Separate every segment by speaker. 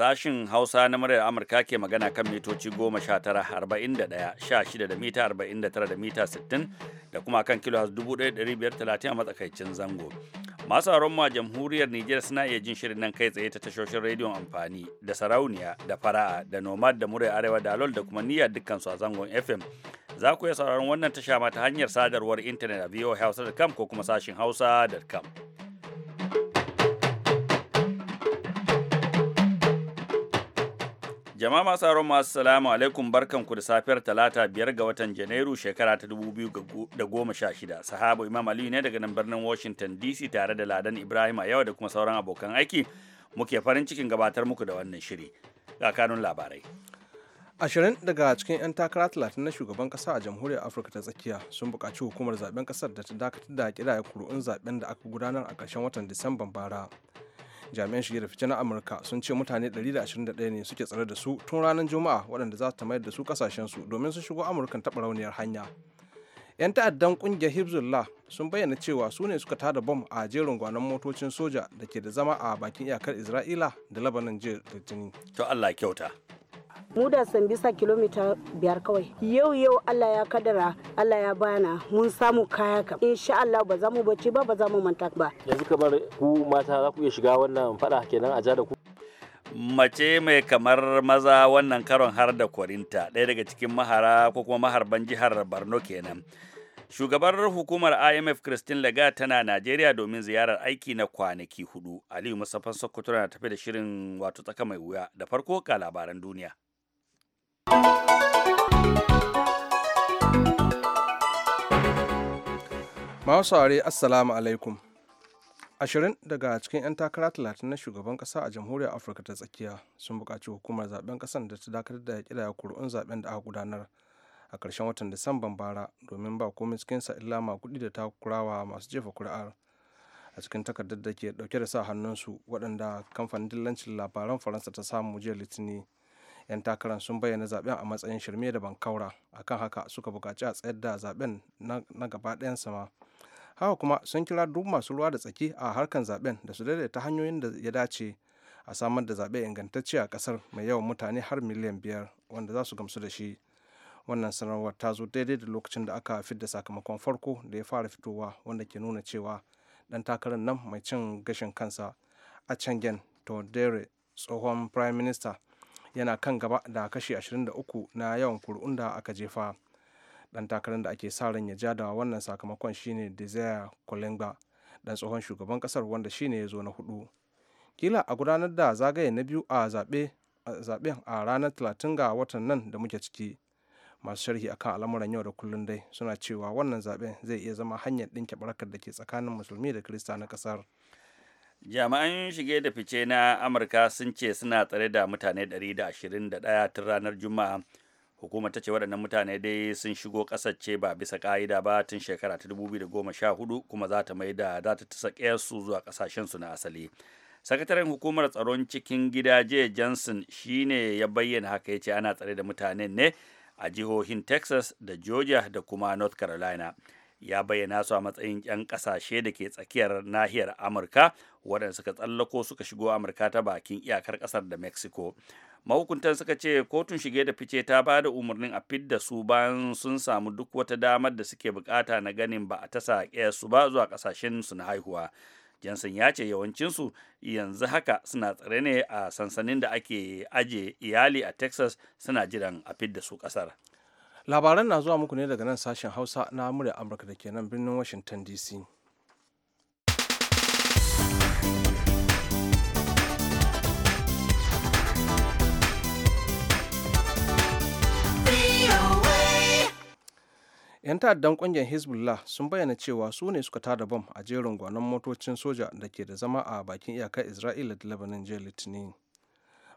Speaker 1: Sashin Hausa na muryar Amurka ke magana kan mitoci goma sha tara da mita arba'in da mita sittin da kuma kan kilo dubu a matsakaicin zango. Masu aron ma jamhuriyar Nijar suna iya jin shirin nan kai tsaye ta tashoshin rediyon amfani da sarauniya da fara'a da nomad da muryar arewa da alol da kuma niyyar dukkansu a zangon FM. Za ku iya sauraron wannan tasha ma ta hanyar sadarwar intanet a voahausa.com ko kuma sashin hausa.com. Jama'a masu aron masu salamu alaikum barkanku da safiyar talata biyar ga watan Janairu shekara ta dubu biyu da goma sha shida. Sahabo Imam Aliyu ne daga nan birnin Washington DC tare da Ladan Ibrahim a yau da kuma sauran abokan aiki muke farin cikin gabatar muku da wannan shiri. Ga labarai.
Speaker 2: ashirin daga cikin 'yan takara talatin na shugaban kasa a jamhuriyar afirka ta tsakiya sun buƙaci hukumar zaben kasar da ta dakatar da kidaya kuri'un zaben da aka gudanar a ƙarshen watan disamban bara jami'an shige da fice na amurka sun ce mutane 121 ne suke tsare da su tun ranar juma'a waɗanda za ta mayar da su kasashen su domin su shigo amurkan taɓa rauniyar hanya 'yan ta'addan ƙungiyar hibzullah sun bayyana cewa su ne suka tada bom a jerin gwanon motocin soja da ke da zama a bakin iyakar isra'ila da labanan jiya litinin to allah kyauta
Speaker 3: mu da bisa kilomita biyar kawai yau yau allah ya kadara allah ya bana mun samu kaya kam insha allah ba za mu bacci ba ba za mu manta ba yanzu kamar ku mata za ku iya shiga wannan fada kenan a da ku
Speaker 1: mace mai kamar maza wannan karon har da kwarinta ɗaya daga cikin mahara ko kuma maharban jihar borno kenan shugabar hukumar imf christine lagarde tana najeriya domin ziyarar aiki na kwanaki hudu aliyu musafan sokoto na tafi da shirin wato tsaka mai wuya da farko ga labaran duniya
Speaker 2: Masu saurare Assalamu alaikum. Ashirin daga cikin 'yan takara talatin na shugaban kasa a jamhuriyar Afirka ta tsakiya sun buƙaci hukumar zaben kasan da ta dakatar da ya ƙidaya kuri'un zaben da aka gudanar a ƙarshen watan Disamban bara domin ba komai cikinsa illa kuɗi da takurawa masu jefa kuri'ar. a cikin takardar da ke ɗauke da sa hannunsu waɗanda kamfanin dillancin labaran faransa ta samu jiya litini yan takarar sun bayyana zaben a matsayin shirme da bankaura akan haka suka buƙaci a tsayar da zaben na gaba ɗayan sama haka kuma sun kira duk masu ruwa da tsaki a harkan zaben da su daidaita hanyoyin da ya dace a samar da zaɓe ingantacce a ƙasar mai yawan mutane har miliyan biyar wanda za su gamsu da shi wannan sanarwar ta zo daidai da lokacin da aka fidda sakamakon farko da ya fara fitowa wanda ke nuna cewa ɗan takarar nan mai cin gashin kansa a cangen todere tsohon prime minister yana kan gaba da kashi 23 na yawan kuri'un da aka jefa. dan takarar da ake sa ran ya ja da wannan sakamakon shine desire kolenga dan tsohon shugaban kasar wanda shine ya zo na hudu kila a gudanar da zagaye na biyu a zaben a ranar 30 ga watan nan da muke ciki masu sharhi akan al'amuran yau da kullun dai suna cewa wannan zaben zai iya zama hanyar ɗinke barkar da ke tsakanin musulmi da kirista na kasar
Speaker 1: jami'an shige da fice na amurka sun ce suna tsare da mutane 121 tun ranar juma'a hukumar ta ce waɗannan mutane dai sun shigo ƙasar ce ba bisa ƙa'ida ba tun shekara ta 2014 kuma za ta mai da za ta tasa su zuwa ƙasashen su na asali sakataren hukumar tsaron cikin gida jay johnson ne ya bayyana haka ya ce ana tsare da mutanen ne a jihohin texas da georgia da kuma north carolina ya bayyana su a matsayin 'yan ƙasashe da ke tsakiyar nahiyar amurka waɗanda suka tsallako suka shigo amurka ta bakin iyakar ƙasar da mexico mahukuntan suka ce kotun shige da fice ta ba da umarnin a fidda su bayan sun samu duk wata damar da suke bukata na ganin ba a tasa su ba zuwa ƙasashen su na haihuwa jansen ya ce yawancinsu yanzu haka suna tsare ne a sansanin da ake aje iyali a Texas suna jiran
Speaker 2: a fidda su ƙasar. labaran na zuwa muku ne daga nan sashen hausa na murya amurka da ke nan birnin washington dc yan ta'addan kungiyar hezbollah sun bayyana cewa su ne suka tada bom a jerin gwanon motocin soja da ke da zama a bakin iyakar isra'ila da Labanin jiya litinin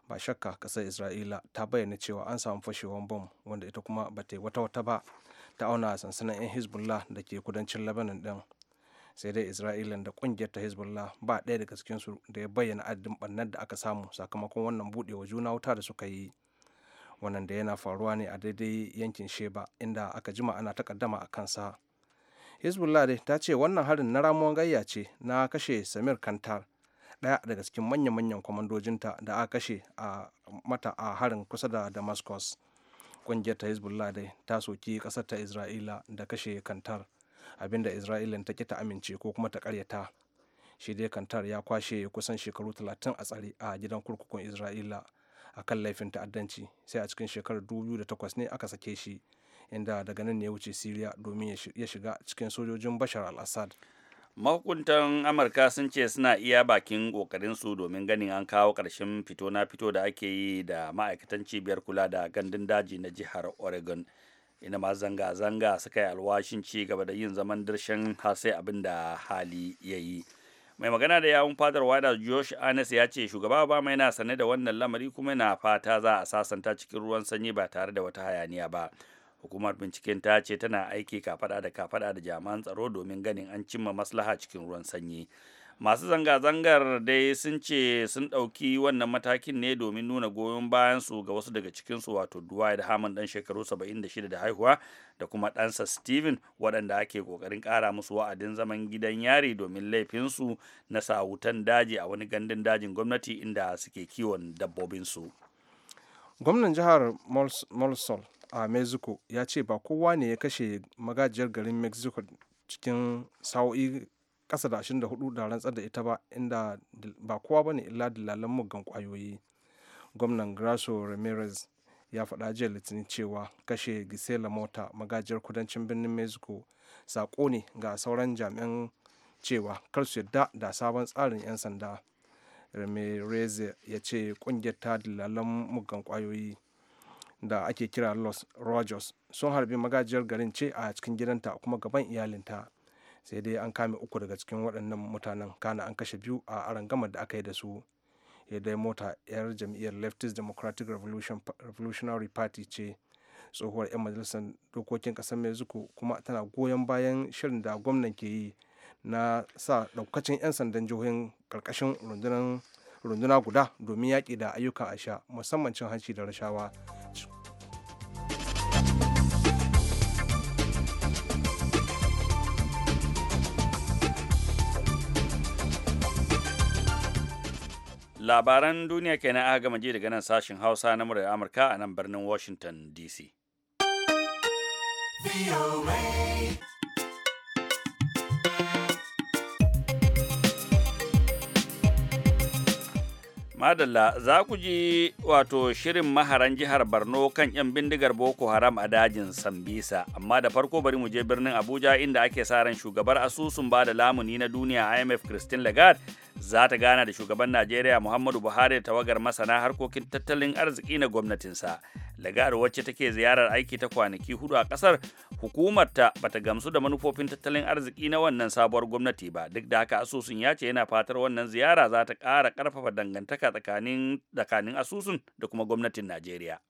Speaker 2: ba shakka kasar isra'ila ta bayyana cewa an samu fashewar bom wanda ita kuma ba ta yi wata wata ba ta auna sansanin 'yan hezbollah da ke kudancin lebanon din sai dai isra'ila da kungiyar ta hezbollah ba ɗaya daga cikinsu da ya bayyana adadin ɓannar da aka samu sakamakon wannan buɗewa juna wuta da suka yi wannan da yana faruwa ne a daidai yankin sheba inda aka jima ana takaddama a kansa hezbollah dai ta ce wannan harin na ramuwan gayya ce na kashe samir kantar ɗaya daga cikin manya-manyan kwamandojinta da aka kashe a mata a harin kusa da damascus ƙungiyar ta hezbollah dai ta soki ƙasar ta isra'ila da kashe kantar abinda isra'ilin ta ki ta amince ko kuma ta karyata shi dai kantar ya kwashe kusan shekaru 30 a tsare a gidan kurkukun isra'ila a kan laifin ta'addanci sai a cikin shekarar 2008 ne aka sake shi inda daga nan ne ya wuce siriya domin ya shiga cikin sojojin bashar al-assad
Speaker 1: mahukuntan amurka sun ce suna iya bakin kokarinsu domin ganin an kawo ƙarshen fito na fito da ake yi da ma'aikatan cibiyar kula da gandun daji na jihar oregon ina ma zanga-zanga suka yi alwashin ci gaba da yin zaman darshen har sai abin da hali ya yi mai magana da yawun fadar wada josh anes ya ce shugaba obama yana sane da wannan lamari kuma yana fata za a sasanta cikin ruwan sanyi ba tare da wata hayaniya ba hukumar binciken ta ce tana aiki kafada da kafada da jami'an tsaro domin ganin an cimma maslaha cikin ruwan sanyi masu zanga-zangar dai sun ce sun ɗauki wannan matakin ne domin nuna goyon bayansu ga wasu daga cikinsu wato duwai da haman ɗan shekaru 76 da haihuwa da kuma ɗansa steven waɗanda ake ƙoƙarin ƙara musu wa'adin zaman gidan yari domin laifinsu na sawutan daji a wani gandun dajin gwamnati inda suke kiwon dabbobinsu
Speaker 2: gwamnan jihar molsol a mexico ya ce ba kowa ne ya kashe magajiyar garin mexico cikin sa'o'i kasa da 24 da rantsar da ita ba inda ba kowa ba ne illa dalalan muggan kwayoyi gwamnan grasso ramirez ya faɗa jiya litinin cewa kashe gisela mota magajiyar kudancin birnin mexico sako ne ga sauran jami'an cewa kar su yadda da sabon tsarin 'yan sanda ramirez ya ce kungiyar ta dalalan muggan kwayoyi da ake kira los rogers sun harbi magajiyar garin ce a cikin gidanta kuma gaban iyalinta sai dai an kame uku daga cikin waɗannan mutanen kana an kashe biyu a arangamar da aka yi da su ya dai mota 'yar jam'iyyar leftist democratic revolutionary party ce tsohuwar 'yan majalisar dokokin kasar mexico kuma tana goyon bayan shirin da gwamnan ke yi na sa daukacin 'yan sandan jihohin karkashin runduna guda domin yaƙi da ayyukan asha musamman cin hanci da rashawa
Speaker 1: labaran duniya kenan aka gama ji daga nan sashen hausa na murar amurka a nan birnin washington dc
Speaker 2: VOA.
Speaker 1: madalla za ku ji wato shirin maharan jihar borno kan 'yan bindigar boko haram a dajin sambisa amma da farko bari mu je birnin abuja inda ake sa ran shugabar asusun ba da lamuni na duniya imf christine lagarde za ta gana da shugaban najeriya muhammadu buhari da tawagar masana harkokin tattalin arziki na gwamnatinsa lagarde wacce take ziyarar aiki ta kwanaki hudu a kasar hukumarta bata gamsu da manufofin tattalin arziki na wannan sabuwar gwamnati ba duk da haka asusun ya ce yana fatar wannan ziyara za ta ƙara ƙarfafa dangantaka tsakanin asusun da kuma gwamnatin Najeriya.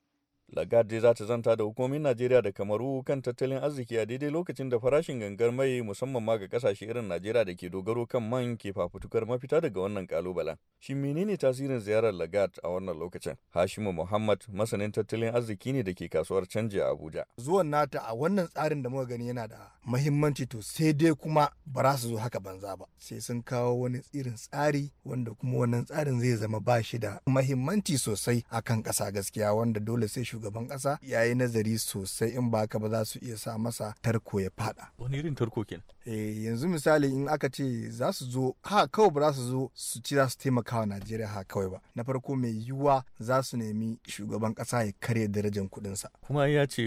Speaker 4: Lagarde za ta zanta da hukumomin Najeriya da Kamaru kan tattalin arziki a daidai lokacin da farashin gangar mai musamman ma ga kasashe irin Najeriya da ke dogaro kan man ke fafutukar mafita daga wannan kalubalen. Shi menene tasirin ziyarar Lagarde a wannan lokacin? Hashimu Muhammad masanin tattalin arziki ne da ke kasuwar canji a Abuja.
Speaker 5: Zuwan nata a wannan tsarin da muka gani yana da mahimmanci to sai dai kuma ba za su zo haka banza ba. Sai sun kawo wani tsirin tsari wanda kuma wannan tsarin zai zama ba shi da mahimmanci sosai akan kasa gaskiya wanda dole sai shugaban ƙasa ya yi nazari sosai in ba ka ba za su iya sa masa tarko ya fada.
Speaker 4: Wani irin tarko kenan?
Speaker 5: Eh, yanzu misali in aka ce za su zo ha kawai ba za su zo su ci za su taimaka wa Najeriya ha kawai ba. Na farko mai yiwuwa za su nemi shugaban ƙasa ya karya darajar kuɗinsa.
Speaker 4: Kuma ya ce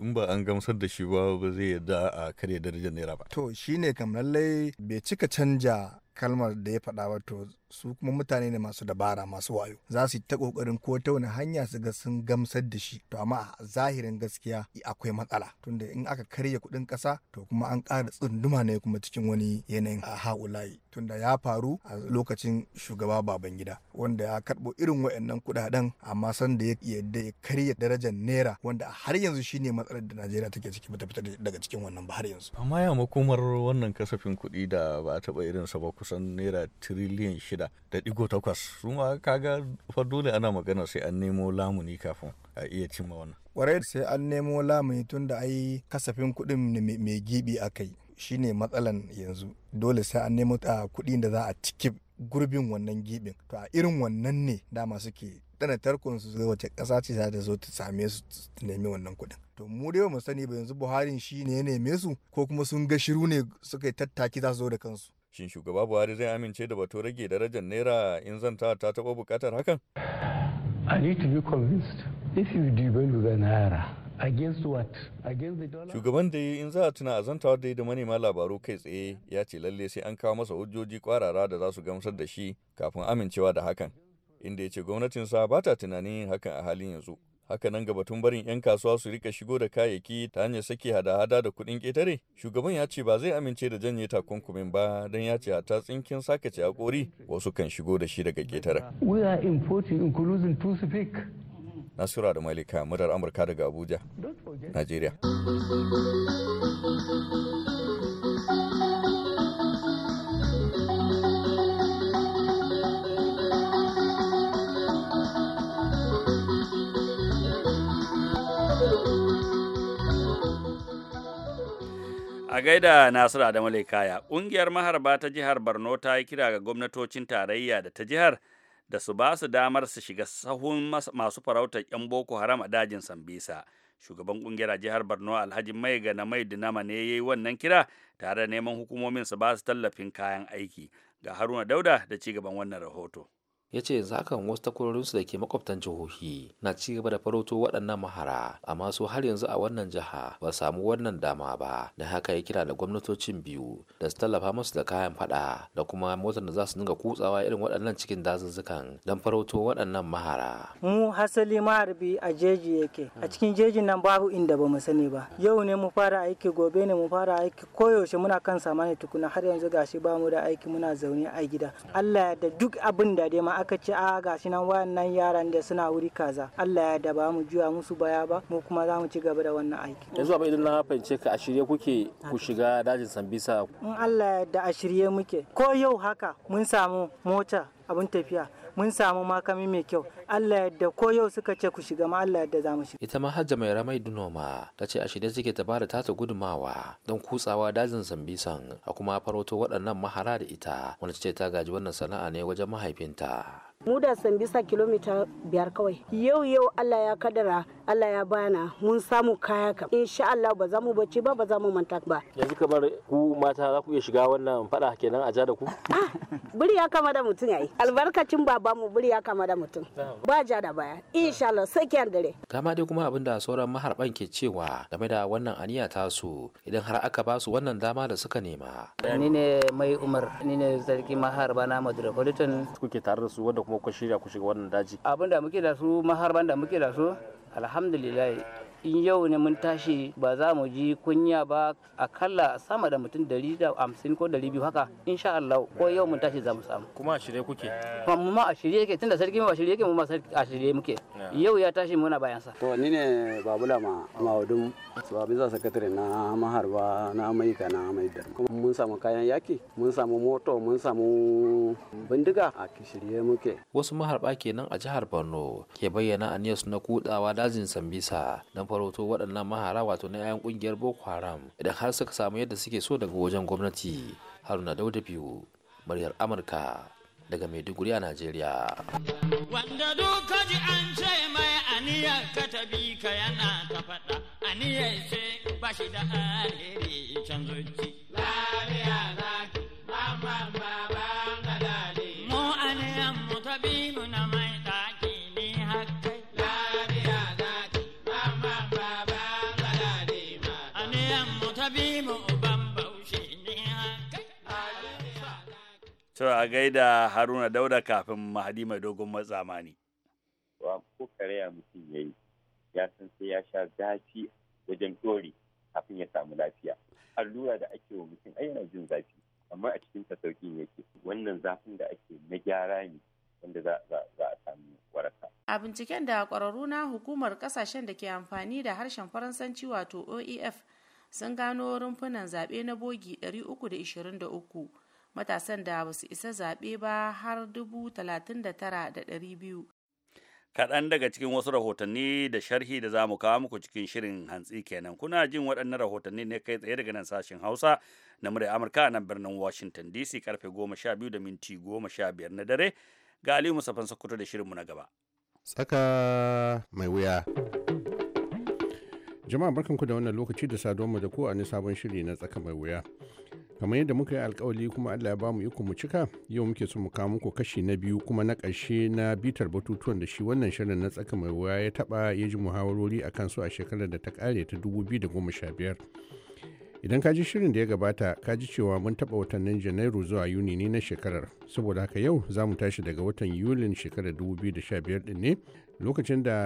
Speaker 4: in ba an gamsar da shi ba ba zai yarda a karya darajar naira ba.
Speaker 5: To shine kam lallai bai cika canja kalmar da ya faɗa wato su kuma mutane ne masu dabara masu wayo za su yi ta kokarin ko ta wani hanya su ga sun gamsar da shi to amma a zahirin gaskiya akwai matsala tunda in aka karya kuɗin ƙasa to kuma an ƙara tsunduma ne kuma cikin wani yanayin a haulayi tunda ya faru a lokacin shugaba babangida wanda ya karɓo irin waɗannan kuɗaɗen amma san da ya yadda ya karya darajar naira wanda har yanzu shine matsalar da Najeriya take ciki ta fita daga cikin wannan ba har yanzu
Speaker 4: amma ya makomar wannan kasafin kuɗi da ba a taɓa sa ba kusan naira tiriliyan shida shida da digo takwas su ma kaga fa dole ana magana sai an nemo lamuni kafin a iya cimma wannan
Speaker 5: kwarai sai an nemo lamuni tun da ai kasafin kuɗin mai gibi akai shine matsalan yanzu dole sai an nemo ta ah, kuɗi da za a ciki gurbin wannan gibin to a irin wannan ne dama suke tana tarkon su zai wace ƙasa ce za ta zo ta same su ta nemi wannan kuɗin to mu dai mu sani ba yanzu buhari shi ne ya neme su ko kuma sun ga shiru ne suka yi tattaki za su zo da kansu
Speaker 4: Shin shugaba Buhari zai amince da batu rage darajar Naira in zanta ta taɓa buƙatar hakan? I need to be Shugaban da in za a tuna a zantawa da da manema labaru kai tsaye ya ce lalle sai an kawo masa hujjoji kwarara da za su gamsar da shi kafin amincewa da hakan, inda ya ce gwamnatinsa ba ta tunanin hakan a halin yanzu. haka nan ga batun barin 'yan kasuwa su rika shigo da kayayyaki ta hanyar sake hada-hada da kuɗin ƙetare shugaban ya ce ba zai amince da janye takunkumin ba don ya ce hata tsinkin sakace a kori wasu kan shigo da shi daga ƙetare.
Speaker 6: we are importing including to speak
Speaker 4: Nasura da Malika, murar Amurka daga Abuja, Najeriya.
Speaker 1: A gaida Nasiru Adamu Laikaya, ƙungiyar maharba ta jihar Borno ta yi kira ga gwamnatocin tarayya da ta jihar da su ba su damar su shiga sahun masu farautar 'yan Boko Haram a dajin Sambisa. Shugaban ƙungiyar a jihar Borno Alhaji Mai na Mai Dinama ne ya yi wannan kira tare da neman hukumomin su ba su tallafin kayan aiki. Ga Haruna Dauda da ci gaban wannan rahoto.
Speaker 3: ya ce yanzu hakan wasu takwarorinsu da ke makwabtan jihohi na ci gaba da farauto waɗannan mahara amma su har yanzu a wannan jiha ba samu wannan dama ba da haka ya kira da gwamnatocin biyu da su tallafa musu da kayan fada da kuma motar da za su dinga kutsawa irin waɗannan cikin dazuzzukan don farauto waɗannan mahara. mu hasali maharbi a jeji yake a cikin jejin nan babu inda ba mu sani ba yau ne mu fara aiki gobe ne mu fara aiki koyaushe muna kan samani tukuna har yanzu gashi ba mu da aiki muna zaune a gida allah da duk abin da dai aka ce a ah, gashi nan wayannan yaran da suna wuri kaza Allah ya da ba mu juya musu baya ba mu kuma za mu ci gaba da wannan aiki yanzu abin idan na fahimce ka a shirye kuke ku shiga dajin Sambisa in Allah ya da a shirye muke ko yau haka mun samu mota abin tafiya mun samu makami mai kyau Allah yadda ko yau suka ce ku shiga ma Allah yadda za mu shiga ita ma hajja mai ramai dunoma ta ce a shirye suke ta bada tata gudumawa don kutsawa dajin zambisan a kuma faroto waɗannan mahara da ita wanda ce ta gaji wannan sana'a ne wajen mahaifinta mu da sambisa kilomita biyar kawai yau yau allah ya kadara allah ya bana mun samu kaya kam insha allah ba za mu bacci ba ba za mu manta ba yanzu kamar ku mata za ku iya shiga wannan fada kenan a da ku ah, buri ya kama da mutum yayi albarkacin baba mu buri ya kama da mutum ba ja da baya insha allah sai kiyan dare kama dai kuma abin da sauran maharban ke cewa game da wannan aniya ta su idan har aka ba su wannan dama da suka nema ni ne mai umar ni ne sarki maharba na metropolitan kuke tare da su wanda kuma kun shirya ku shiga wannan daji abin da muke da su maharban da muke da su alhamdulillah in yau ne mun tashi ba za mu ji kunya ba akalla sama da mutum dari da hamsin ko dari biyu haka insha Allah ko yau mun tashi za mu samu kuma a shirye kuke mu ma a shirye yake tunda sarki ba shirye yake mu ma a shirye muke yau ya tashi muna bayan sa to ni ne babula ma maudum babu za sakatare na maharba na amaika na kuma mun samu kayan yaki mun samu moto mun samu bindiga a shirye muke wasu maharba kenan a jihar Borno ke bayyana aniyar na kudawa dajin Sambisa don farauto waɗannan mahara wato na 'ya'yan ƙungiyar boko haram idan har suka samu yadda suke so daga wajen gwamnati haruna dauda biyu muryar amurka daga maiduguri a najeriya
Speaker 7: wanda ji an mai aniyar ka tabi ka yana ta faɗa aniyar ce ba da alheri can
Speaker 1: to a gaida haruna dauda kafin mahadi mai dogon matsamani wa ko mutum ya yi ya san sai ya sha
Speaker 6: zafi wajen dori kafin ya samu lafiya allura da ake wa mutum ai yana jin zafi amma a cikin ta sauƙin yake wannan zafin da ake na gyara ne wanda za a samu waraka
Speaker 3: a binciken da kwararru na hukumar kasashen da ke amfani da harshen faransanci wato oef sun gano rumfunan zaɓe na bogi 323 matasan da ba su isa zaɓe ba har dubu talatin da tara da ɗari biyu.
Speaker 1: Kaɗan daga cikin wasu rahotanni da sharhi da za mu kawo muku cikin shirin hantsi kenan. Kuna jin waɗannan rahotanni ne kai tsaye daga nan sashen Hausa na murya Amurka a nan birnin Washington DC karfe goma sha biyu da minti goma sha biyar na dare. Ga Aliyu Musafan Sokoto da shirinmu na gaba.
Speaker 8: Tsaka mai wuya. Jama'a barkanku da wannan lokaci da saduwa da ku a ni sabon shiri na tsaka mai wuya. kamar yadda muka yi alkawali kuma allah ya ba mu iko mu cika yau muke so mu kawo muku kashi na biyu kuma na ƙarshe na bitar batutuwan da shi wannan shirin na tsaka mai waya ya taɓa ya ji muhawarori a kan su a shekarar da ta ƙare ta 2015 idan ka ji shirin da ya gabata ka ji cewa mun taɓa watannin janairu zuwa yuni ne na shekarar saboda haka yau za mu tashi daga watan yulin shekarar 2015 ɗin ne lokacin da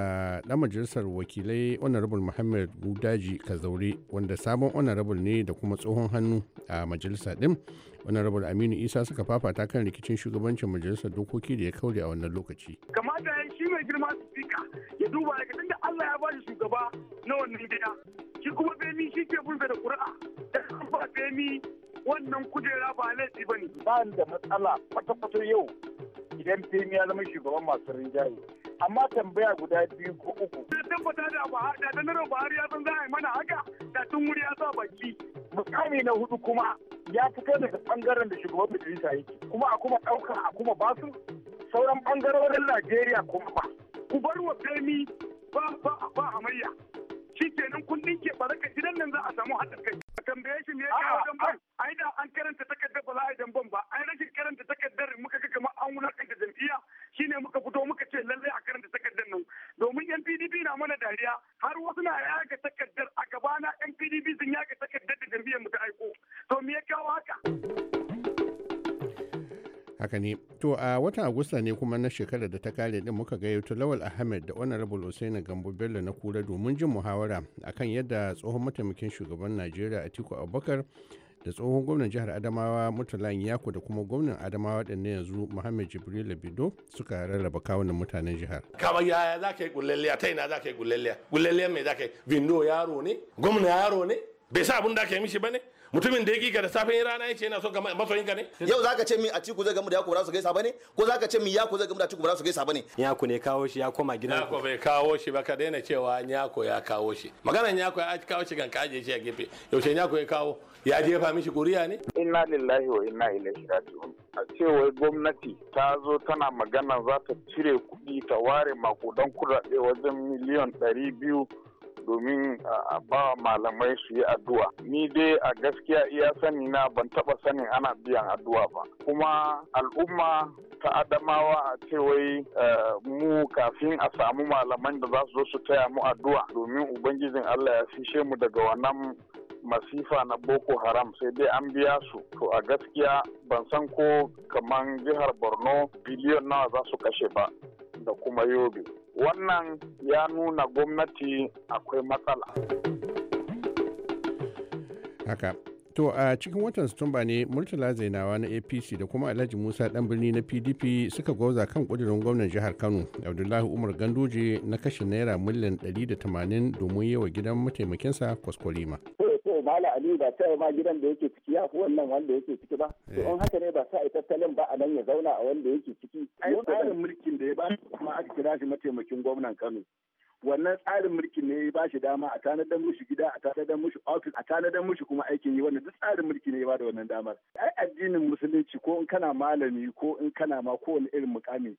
Speaker 8: ɗan majalisar wakilai honorable muhammad budaji kazauri wanda sabon honorable ne da kuma tsohon hannu a majalisa ɗin honorable aminu isa suka fafata kan rikicin shugabancin majalisar dokoki da ya kaure a wannan lokaci
Speaker 7: kamata ya mai girma sika ya duba daga tunda allah ya bashi shugaba na wannan gida shi kuma bemi shi ke da da ba bemi wannan kujera ba laifi ba ne ba da matsala kwata-kwata yau idan bemi ya zama shugaban masu rinjaye amma tambaya guda biyu ko uku. Sun fita da Buhari da Janar Buhari ya san za a yi mana haka da tun wuri ya sa baki. Mukami na hudu kuma ya fito daga bangaren da shugaban majalisa yake kuma a kuma ɗauka a kuma basu sauran bangarorin Najeriya kuma ba. Ku bar wa Femi ba ba ba hamayya. Shi kenan kun ɗinke ba gidan nan za a samu haɗin kai. tambaye shi me yake wajen ban ai da an karanta takardar ba za a ban ba ai rashin karanta takardar muka ga kamar an wulakanta jam'iyya shine muka fito muka ce lallai a karanta takardar nan domin yan PDP na mana dariya har wasu na yaga takardar a gabana yan PDP sun yaga takardar da jam'iyyar mu ta aiko to me ya kawo haka
Speaker 8: haka ne to a watan agusta ne kuma na shekarar da ta kare din muka yato lawal ahmed da rabul usaini gambo bello na kura domin jin muhawara akan yadda tsohon mataimakin shugaban najeriya atiku abubakar da tsohon gwamnan jihar adamawa murtalan yako da kuma gwamnan adamawa din na yanzu muhammad jibril bido suka rarraba kawunan mutanen jihar
Speaker 1: kama yaya za ka yi gullalliya ta ina za ka yi gullalliya gullalliya mai za ka yi
Speaker 7: vindo yaro ne gwamna yaro ne bai sa abin da ka yi mishi ba ne mutumin da ya kika da safin rana ya ce yana so ga masoyinka ne yau zaka ce mi a ciku zai gamu da yaku ba za su gaisa ba ko zaka ce mi yaku zai gamu da ciku
Speaker 5: ba za su gaisa ba ne yaku ne kawo shi ya koma gidan yako
Speaker 7: bai kawo shi ba ka daina cewa yako ya kawo shi Magana yako ya kawo shi kan kaje shi a gefe yaushe yako ya kawo ya jefa mishi kuriya ne
Speaker 6: inna lillahi wa inna ilaihi raji'un a cewar gwamnati ta zo tana magana za ta cire kuɗi ta ware makudan kuɗaɗe wajen miliyan ɗari biyu domin a ba malamai su yi addu'a ni dai a gaskiya iya sani na ban taba sanin ana biyan addu'a ba kuma al'umma ta adamawa a ce wai mu kafin a samu malaman da za su zo su taya mu addu'a domin ubangijin Allah ya fishe mu daga wannan masifa na boko haram sai dai an biya su to a gaskiya ban san ko kaman jihar borno biliyon nawa za su kashe ba da kuma yobe wannan ya nuna gwamnati akwai matsala
Speaker 8: haka to a cikin watan satumba ne murtala zainawa na apc da kuma alhaji musa ɗan birni na pdp suka gwauza kan ƙudurin gwamnan jihar kano abdullahi umar ganduje na kashe naira miliyan 180 domin yawa gidan mataimakinsa kwaskwarima.
Speaker 6: mala Ali ba ta ma gidan da yake ciki ya fi wannan wanda yake ciki ba to eh. in haka ne ba sa a tattalin ba a nan ya zauna a wanda yake ciki ai tsarin mulkin da ya ba kuma aka kira shi mataimakin gwamnan Kano wannan tsarin mulkin ne ya ba shi dama a tanadar mushi gida a tanadar mushi ofis a tanadar mushi kuma aikin yi wannan duk tsarin mulki ne ya ba da wannan damar ai addinin musulunci ko in kana malami ko in kana ma kowane irin mukami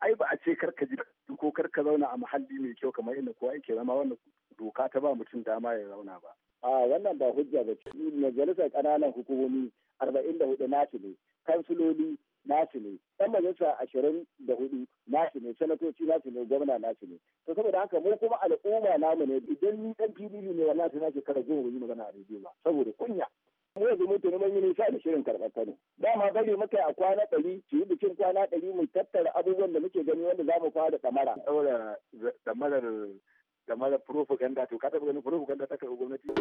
Speaker 6: ai ba a ce kar ka ji ko kar ka zauna a muhalli mai kyau kamar inda kowa yake zama wannan doka ta ba mutum dama ya zauna ba a wannan ba hujja ba ce majalisar ƙananan hukumomi arba'in da hudu nasu ne kansiloli nasu ne ɗan majalisa ashirin da hudu nasu ne sanatoci nasu ne gwamna nasu ne to saboda haka mu kuma al'umma namu ne idan ni ɗan pdp ne wannan na nake kara zuwa yi magana a rediyo ba saboda kunya mu yanzu mun tuni mun yi nisa da shirin karɓar kano dama bari muka a kwana ɗari su yi bikin kwana ɗari mu tattara abubuwan da muke gani wanda za mu fara ɗamara ɗamarar kamar propaganda to ka ganin propaganda ta kai gwamnati.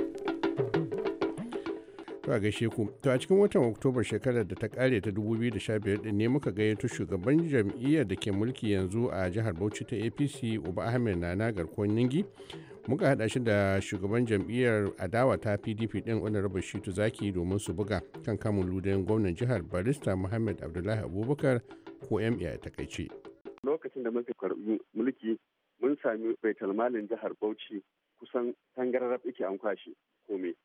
Speaker 8: To a gaishe To a cikin watan Oktoba shekarar da ta kare ta 2015 din ne muka gayyato shugaban jam'iyyar da ke mulki yanzu a jihar Bauchi ta APC Uba Ahmed Nana garkon Ningi. Muka hada shi da shugaban jam'iyyar adawa ta PDP din shi Shitu Zaki domin su buga kan kamun ludayen gwamnan jihar Barista Muhammad Abdullahi Abubakar ko MA a takaice.
Speaker 6: Lokacin da muka karbi mulki mun sami baitulmalin jihar bauchi kusan tangararrab ike an kwashe kome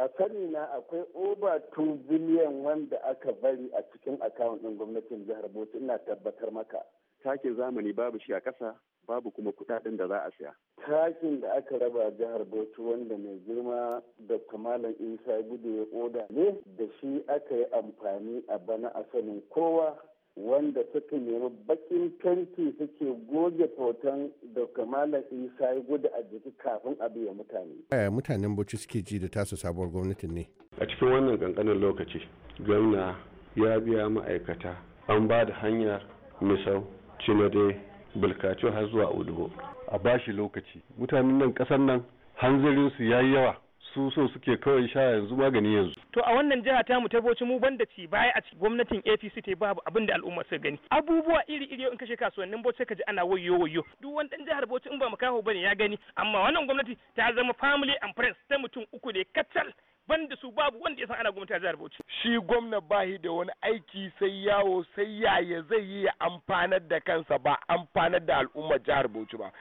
Speaker 6: a sani na akwai over tun biliyan wanda aka bari a cikin akawun ɗin gwamnatin jihar bauchi ina tabbatar maka takin zamani babu shi a ƙasa babu kuma kuɗaɗen da za a siya takin da aka raba jihar bauchi wanda mai girma da kamalan isa gudu ya oda ne da shi aka yi amfani a bana a sanin kowa wanda suka nemi bakin fenti suke goge hoton da kamala isa ya gudu a jiki kafin a
Speaker 8: biya mutane. Yaya mutanen Bauchi suke ji da tasu sabuwar gwamnatin ne? A cikin wannan kankanin lokaci,
Speaker 6: gwamna ya biya ma'aikata an ba da hanyar misau cinade bulkacin har zuwa udugo. A bashi lokaci, mutanen nan ƙasar nan hanzarinsu ya yi yawa. su so suke kawai sha yanzu magani yanzu.
Speaker 3: To a wannan jiha ta mu ta Bauchi mu banda ci baya a cikin gwamnatin APC ta babu abin da al'umma suka gani. Abubuwa iri iri in kashe kasuwannin Bauchi ji ana wayo wayo. Duk wani dan jihar Bauchi in ba mu kawo bane ya gani amma wannan gwamnati ta zama family and friends ta mutum uku ne kacal banda su babu wanda ya san ana gwamnati jihar Bauchi.
Speaker 6: Shi gwamna bahi da wani aiki sai yawo sai yaya zai yi amfanar da kansa ba amfanar da al'ummar jihar Bauchi ba.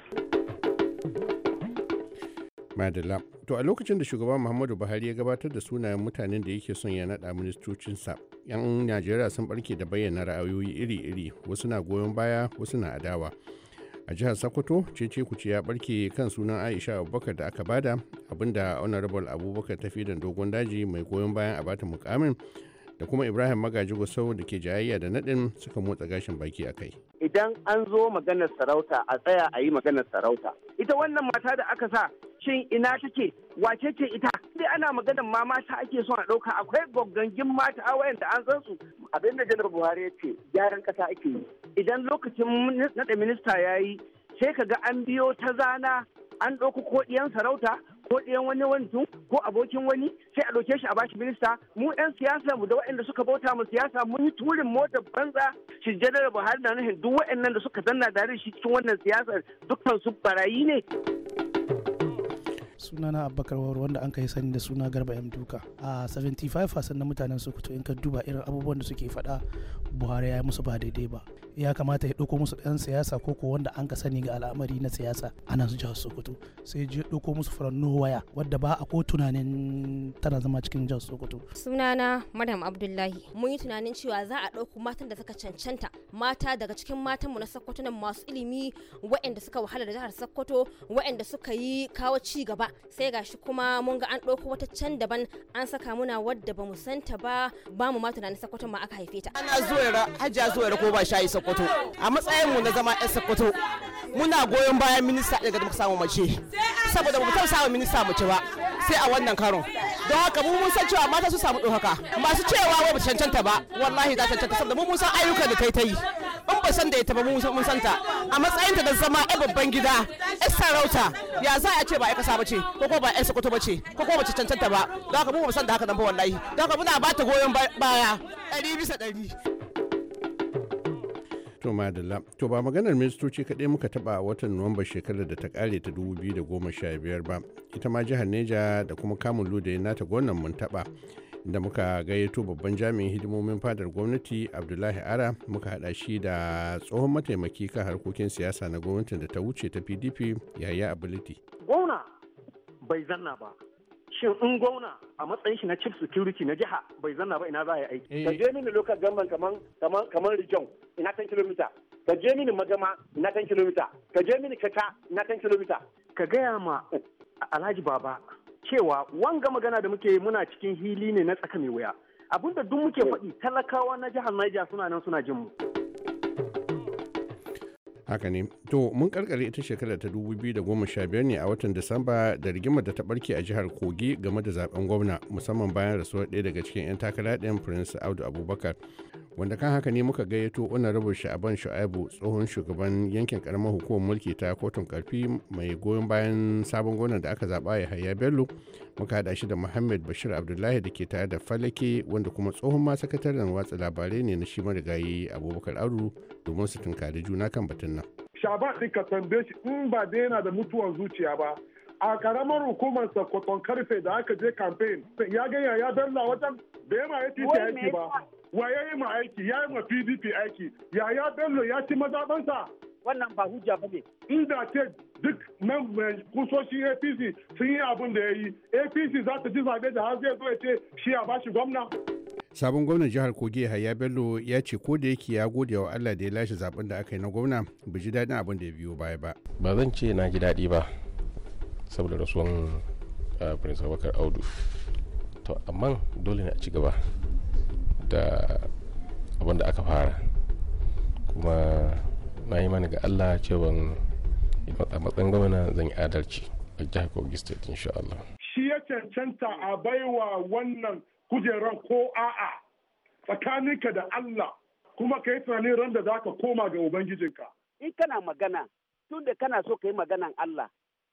Speaker 8: madalla to a lokacin da shugaban muhammadu buhari ya gabatar da sunayen mutanen da yake son ya naɗa ministocinsa yan najeriya sun barke da bayyana ra'ayoyi iri-iri wasu na goyon baya wasu na adawa a jihar sokoto cece kuce ya barke kan sunan aisha abubakar da aka bada abinda honorable abubakar tafi da dogon daji mai goyon bayan abata mukamin da kuma ibrahim magaji gusau da ke jayayya da naɗin suka motsa gashin baki a kai
Speaker 6: idan an zo maganar sarauta a tsaya a yi maganar sarauta ita wannan mata da aka sa
Speaker 7: shin ina take wace ce ita dai ana maganar ma mata ake son a ɗauka akwai gwaggangin mata wayan da an san su abin da janar buhari ya ce gyaran ƙasa ake yi idan lokacin naɗa minista ya yi sai ka ga an biyo ta zana an ɗauko ko sarauta ko ɗiyan wani wani ko abokin wani sai a ɗauke shi a bashi minista mu 'yan siyasa mu da waɗanda suka bauta mu siyasa mun yi turin motar banza shi janar buhari na nuhin duk waɗannan da suka zanna da shi cikin wannan siyasar dukkan su barayi ne.
Speaker 3: sunana abubakar wawar wanda an kai sani da suna garba yan duka a 75% na mutanen sokoto in ka duba irin abubuwan da suke faɗa buhari ya yi musu ba daidai ba ya kamata ya ɗauko musu ɗan siyasa ko ko wanda an ka sani ga al'amari na siyasa ana su jihar sokoto sai ya ɗauko musu furan waya wadda ba a ko tunanin tana zama cikin jihar sokoto sunana madam abdullahi mun yi tunanin cewa za a ɗauko matan da suka cancanta mata daga cikin matanmu na sokoto nan masu ilimi wa'anda suka wahala da jihar sokoto wa'anda suka yi kawo ci gaba sai gashi kuma mun ga an ɗauko wata can daban an saka muna wadda ba mu santa ba ba mu ma tunanin sakkwato ma aka haife ta. Ana zuwa hajiya zuwa ko ba shayi sakkwato a matsayin mu na zama 'yan sakkwato muna goyon bayan minista daga da muka samu mace saboda ba mu taɓa samu minista mace ba sai a wannan karon don haka mu mun san cewa mata su samu ɗaukaka masu cewa wai ba cancanta ba wallahi ta cancanta saboda mu mun san ayyukan da yi ta yi in ba san da ita ba mun san a matsayin ta da zama a babban gida ai sarauta ya za a ce ba ai kasa bace ko ko ba ai sakoto bace ko ko bace cancanta ba don haka mun ba san da haka nan ba wallahi don haka muna ba ta goyon baya
Speaker 8: ɗari bisa ɗari. To madalla, to ba maganar ministoci kaɗai muka taɓa watan Nuwamba shekarar da ta ƙare ta 2015 ba, ita ma jihar Neja da kuma kamun lude nata gwamnan mun taɓa. da muka gayyato babban jami'in hidimomin fadar gwamnati abdullahi ara muka hada shi da tsohon mataimaki kan harkokin siyasa na gwamnatin da ta wuce ta pdp yaya ability
Speaker 7: gwamna bai zanna ba shin in gwamna a matsayin shi na chief security na jiha bai zanna ba ina za a yi aiki eh. ka je mini lokal gamban kaman kaman kaman region ina 10 kilomita ka je mini magama ina 10 kilomita ka je mini kaka ina 10 kilomita ka gaya ma alhaji baba cewa wanga magana da muke muna cikin hili ne na tsaka mai wuya abinda duk muke mm. faɗi talakawa na jihar Niger suna nan suna jin mu
Speaker 8: haka ne to mun karkare ita shekara ta 2015 ne a watan disamba da rigimar da ta barke a jihar kogi game da zaben gwamna musamman bayan rasuwar ɗaya daga cikin 'yan takara ɗin prince audu abubakar wanda kan haka ne muka gayyato honorable sha'aban shu'aibu tsohon shugaban yankin karamar hukumar mulki ta kotun karfi mai goyon bayan sabon gonar da aka zaba ya haya bello muka hada shi da muhammad bashir abdullahi da ke tare da falake wanda kuma tsohon ma sakataren watsa labarai ne na shi marigayi abubakar aru domin su tunkari juna kan batun nan.
Speaker 7: sha'aban ɗin ka tambaye shi in ba da yana da mutuwar zuciya ba a karamar hukumar sa kwaton karfe da aka je kamfain ya gaya ya bello wajen da ya ma APC aiki ba wa ya yi ma aiki ya yi ma PDP aiki ya ya bello ya ci mazaɓansa. Wannan ba hujja ba ne. Inda ce duk kusoshi APC sun yi abin da ya yi APC za ta ji zaɓe da har zai zo ya ce shi a bashi gwamna.
Speaker 8: sabon gwamnan jihar kogi ya bello ya ce ko da yake ya gode wa allah da ya lashe zaben da aka yi na gwamna bai ji daɗin abin da ya biyo baya ba ba zan ce na ji daɗi ba saboda rasuwan
Speaker 2: ah, prince abubakar audu to amma dole ne a ci gaba da abin da aka fara kuma na yi mani ga allah cewa a matsayin gwamna zan yi adalci a jihar kogi state insha allah
Speaker 7: shi ya cancanta a baiwa wannan kujerar ko a'a tsakaninka da allah kuma ka yi tunanin ran da za ka koma ga ubangijinka in kana magana tun da kana so ka yi maganan allah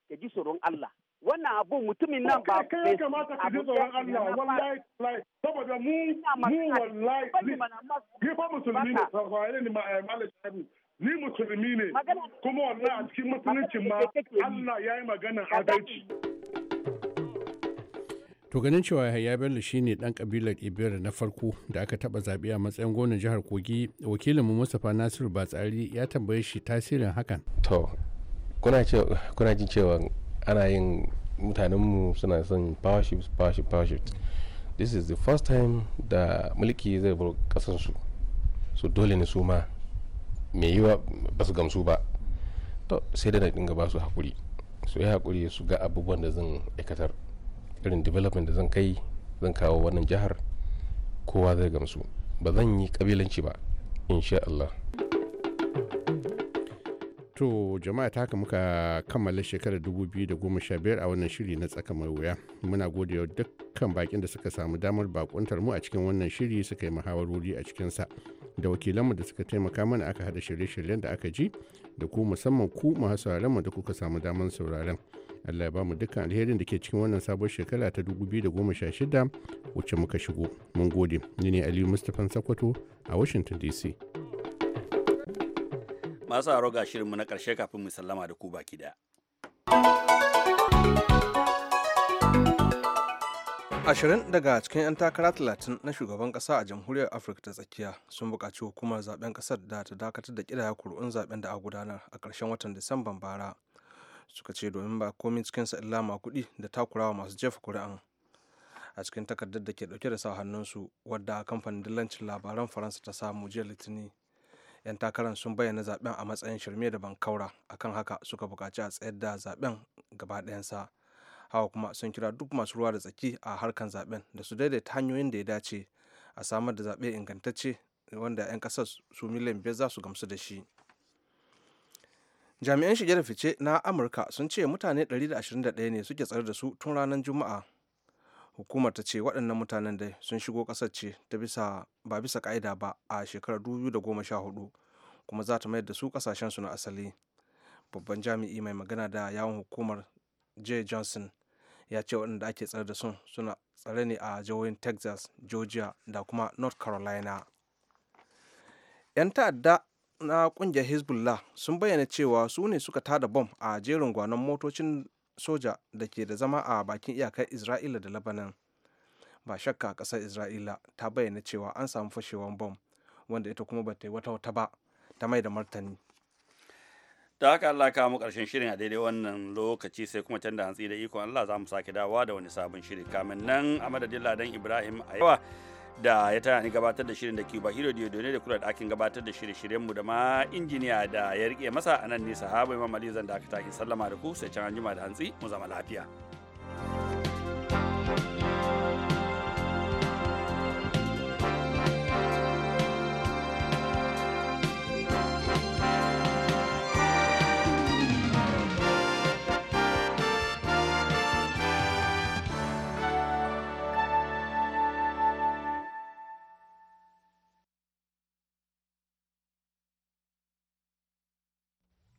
Speaker 7: ka ji tsoron allah wannan abu mutumin nan ba kai ya kamata ka ji tsoron Allah wallahi wallahi saboda mu mu wallahi ni ba musulmi ne ba ne eh, ni musulmi ne kuma wallahi a cikin musulunci ma Allah ya yi magana adalci
Speaker 8: To ganin cewa Yahaya Bello ne dan kabilar ibera na farko da aka taba zaɓe a matsayin gwamnan jihar Kogi, wakilin mu Mustapha Nasiru Batsari ya tambaye shi tasirin hakan.
Speaker 2: To kuna jin cewa ana yin mutanenmu suna son power shift power shift power shift this is the first time da mulki zai bar su so dole ne su ma mai yiwa ba su gamsu ba to sai da na dinga ba su hakuri su yi hakuri su ga abubuwan da zan aikatar irin development da zan kai zan kawo wannan jihar kowa zai gamsu ba zan yi kabilanci ba insha Allah
Speaker 8: To jama'a ta haka muka kammala shekarar biyar a wannan shiri na tsaka mai wuya. Muna gode wa dukkan bakin da suka samu damar bakuntar mu a cikin wannan shiri suka yi muhawarori a cikinsa. Da wakilanmu da suka taimaka mana aka haɗa shirye-shiryen da aka ji da ku musamman ku masu mu da kuka samu damar sauraron. Allah ya ba mu dukkan alherin da ke cikin wannan sabon shekara ta 2016 wacce muka shigo. Mun gode. Ni ne Aliyu Mustapha Sakwato a Washington DC.
Speaker 1: masu aro ga shirinmu na ƙarshe kafin mu sallama da ku baki daya.
Speaker 2: ashirin daga cikin 'yan takara talatin na shugaban ƙasa a jamhuriyar afirka ta tsakiya sun buƙaci hukumar zaɓen ƙasar da ta dakatar da ƙidaya kuri'un zaɓen da a gudanar a ƙarshen watan disamban bara suka ce domin ba komi cikinsa illa kuɗi da takurawa masu jefa kuri'an a cikin takardar da ke ɗauke da sa hannunsu wadda kamfanin dillancin labaran faransa ta samu jiya litinin 'yan takarar sun bayyana zaben a matsayin shirme da bankaura akan haka suka bukaci a tsayar da zaben gaba ɗayansa hawa kuma sun kira duk masu ruwa da tsaki a harkan zaben da su daidaita hanyoyin da ya dace a samar da zaɓe ingantacce wanda 'yan ƙasar su miliyan biyar za su gamsu da shi jami'an shige da fice na amurka sun ce mutane 121 ne suke tsare da su tun ranar juma'a hukumar ta ce waɗannan mutanen dai sun shigo ƙasar ce ta ba bisa ƙa'ida ba a shekarar 2014 kuma za ta mayar da su su na asali babban jami'i mai magana da yawon hukumar jay johnson ya ce waɗanda ake tsare da sun suna tsare ne a jihohin texas georgia da kuma north carolina 'yan ta'adda na ƙungiyar hezbollah sun bayyana cewa su ne suka tada bom a jerin gwanon motocin soja da ke da zama a bakin iyakar isra'ila da labanan ba shakka a ƙasar isra'ila ta bayyana cewa an samu fashewar bom wanda ita kuma ba ta yi wata wata ba ta mai da martani
Speaker 1: da haka Allah ka mu karshen shirin a daidai wannan lokaci sai kuma can hantsi da ikon Allah za mu sake dawa da wani sabon shirin kamin nan a madadin ladan Ibrahim a yawa da ya taya ni gabatar da shirin da Cuba Hero ne da kula da ɗakin gabatar da shirye-shiryenmu da ma injiniya da ya rike masa a nan ne sahaba Imam Ali zan da aka sallama da ku sai can anjima da hantsi mu zama lafiya.